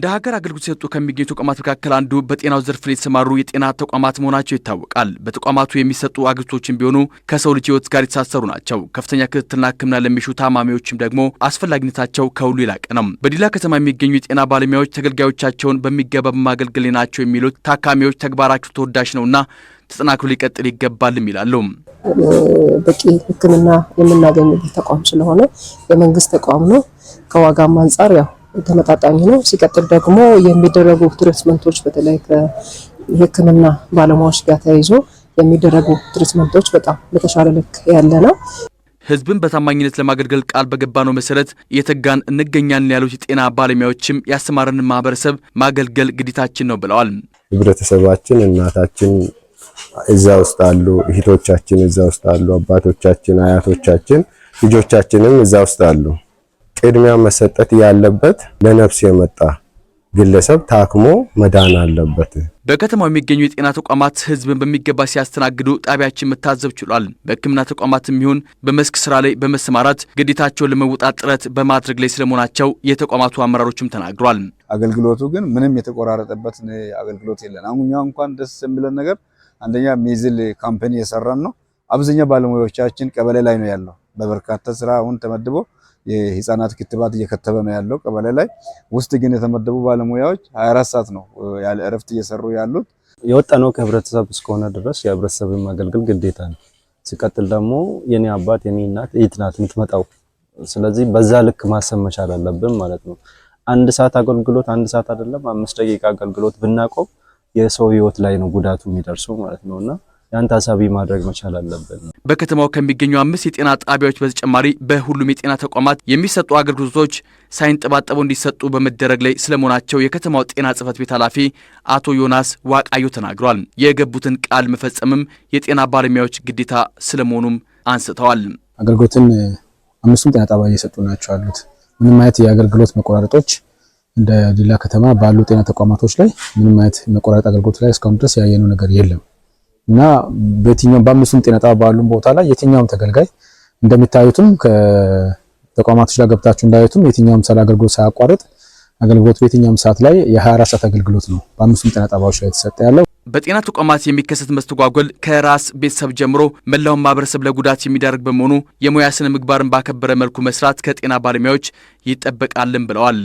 እንደ ሀገር አገልግሎት ሲሰጡ ከሚገኙ ተቋማት መካከል አንዱ በጤናው ዘርፍ ላይ የተሰማሩ የጤና ተቋማት መሆናቸው ይታወቃል። በተቋማቱ የሚሰጡ አገልግሎቶችን ቢሆኑ ከሰው ልጅ ሕይወት ጋር የተሳሰሩ ናቸው። ከፍተኛ ክትትልና ሕክምና ለሚሹ ታማሚዎችም ደግሞ አስፈላጊነታቸው ከሁሉ የላቀ ነው። በዲላ ከተማ የሚገኙ የጤና ባለሙያዎች ተገልጋዮቻቸውን በሚገባ በማገልገል ላይ ናቸው የሚሉት ታካሚዎች ተግባራቸው ተወዳሽ ነውና ተጠናክሮ ሊቀጥል ይገባልም ይላሉ። በቂ ሕክምና የምናገኝበት ተቋም ስለሆነ የመንግስት ተቋም ነው። ከዋጋም አንጻር ያው ተመጣጣኝ ነው። ሲቀጥል ደግሞ የሚደረጉ ትሪትመንቶች በተለይ ከሕክምና ባለሙያዎች ጋር ተያይዞ የሚደረጉ ትሪትመንቶች በጣም በተሻለ ልክ ያለ ነው። ህዝብን በታማኝነት ለማገልገል ቃል በገባነው መሰረት እየተጋን እንገኛለን ያሉት የጤና ባለሙያዎችም ያስተማረንን ማህበረሰብ ማገልገል ግዴታችን ነው ብለዋል። ህብረተሰባችን እናታችን እዛ ውስጥ አሉ፣ እህቶቻችን እዛ ውስጥ አሉ፣ አባቶቻችን፣ አያቶቻችን ልጆቻችንም እዛ ውስጥ አሉ። ቅድሚያ መሰጠት ያለበት ለነፍስ የመጣ ግለሰብ ታክሞ መዳን አለበት። በከተማው የሚገኙ የጤና ተቋማት ህዝብን በሚገባ ሲያስተናግዱ ጣቢያችን መታዘብ ችሏል። በህክምና ተቋማትም ይሁን በመስክ ስራ ላይ በመሰማራት ግዴታቸውን ለመወጣት ጥረት በማድረግ ላይ ስለመሆናቸው የተቋማቱ አመራሮችም ተናግሯል። አገልግሎቱ ግን ምንም የተቆራረጠበት አገልግሎት የለን። አሁኛ እንኳን ደስ የሚለን ነገር አንደኛ ሚዝል ካምፔን እየሰራን ነው። አብዛኛ ባለሙያዎቻችን ቀበሌ ላይ ነው ያለው በበርካታ ስራ አሁን ተመድቦ የህፃናት ክትባት እየከተበ ነው ያለው ቀበሌ ላይ። ውስጥ ግን የተመደቡ ባለሙያዎች 24 ሰዓት ነው ያለ እረፍት እየሰሩ ያሉት። የወጣነው ከህብረተሰብ እስከሆነ ድረስ የህብረተሰብ ማገልገል ግዴታ ነው። ሲቀጥል ደግሞ የኔ አባት የኔ እናት የት ናት የምትመጣው? ስለዚህ በዛ ልክ ማሰብ መቻል አለብን ማለት ነው። አንድ ሰዓት አገልግሎት አንድ ሰዓት አይደለም አምስት ደቂቃ አገልግሎት ብናቆም የሰው ህይወት ላይ ነው ጉዳቱ የሚደርሰው ማለት ነውና ያን ታሳቢ ማድረግ መቻል አለብን። በከተማው ከሚገኙ አምስት የጤና ጣቢያዎች በተጨማሪ በሁሉም የጤና ተቋማት የሚሰጡ አገልግሎቶች ሳይንጠባጠቡ እንዲሰጡ በመደረግ ላይ ስለመሆናቸው የከተማው ጤና ጽሕፈት ቤት ኃላፊ አቶ ዮናስ ዋቃዮ ተናግሯል። የገቡትን ቃል መፈጸምም የጤና ባለሙያዎች ግዴታ ስለመሆኑም አንስተዋል። አገልግሎትን አምስቱም ጤና ጣቢያ እየሰጡ ናቸው ያሉት ምንም አይነት የአገልግሎት መቆራረጦች እንደ ሌላ ከተማ ባሉ ጤና ተቋማቶች ላይ ምንም አይነት መቆራረጥ አገልግሎት ላይ እስካሁን ድረስ ያየነው ነገር የለም። እና በየትኛውም በአምስቱም ጤና ጣቢያ ባሉም ቦታ ላይ የትኛውም ተገልጋይ እንደሚታዩትም ከተቋማቶች ላይ ገብታችሁ እንዳዩትም የትኛውም ሰላ አገልግሎት ሳያቋርጥ አገልግሎት በየትኛውም ሰዓት ላይ የ24 ሰዓት አገልግሎት ነው በአምስቱም ጤና ጣቢያዎች ላይ የተሰጠ ያለው። በጤና ተቋማት የሚከሰት መስተጓጎል ከራስ ቤተሰብ ጀምሮ መላውን ማህበረሰብ ለጉዳት የሚዳርግ በመሆኑ የሙያ ስነ ምግባርን ባከበረ መልኩ መስራት ከጤና ባለሙያዎች ይጠበቃልን ብለዋል።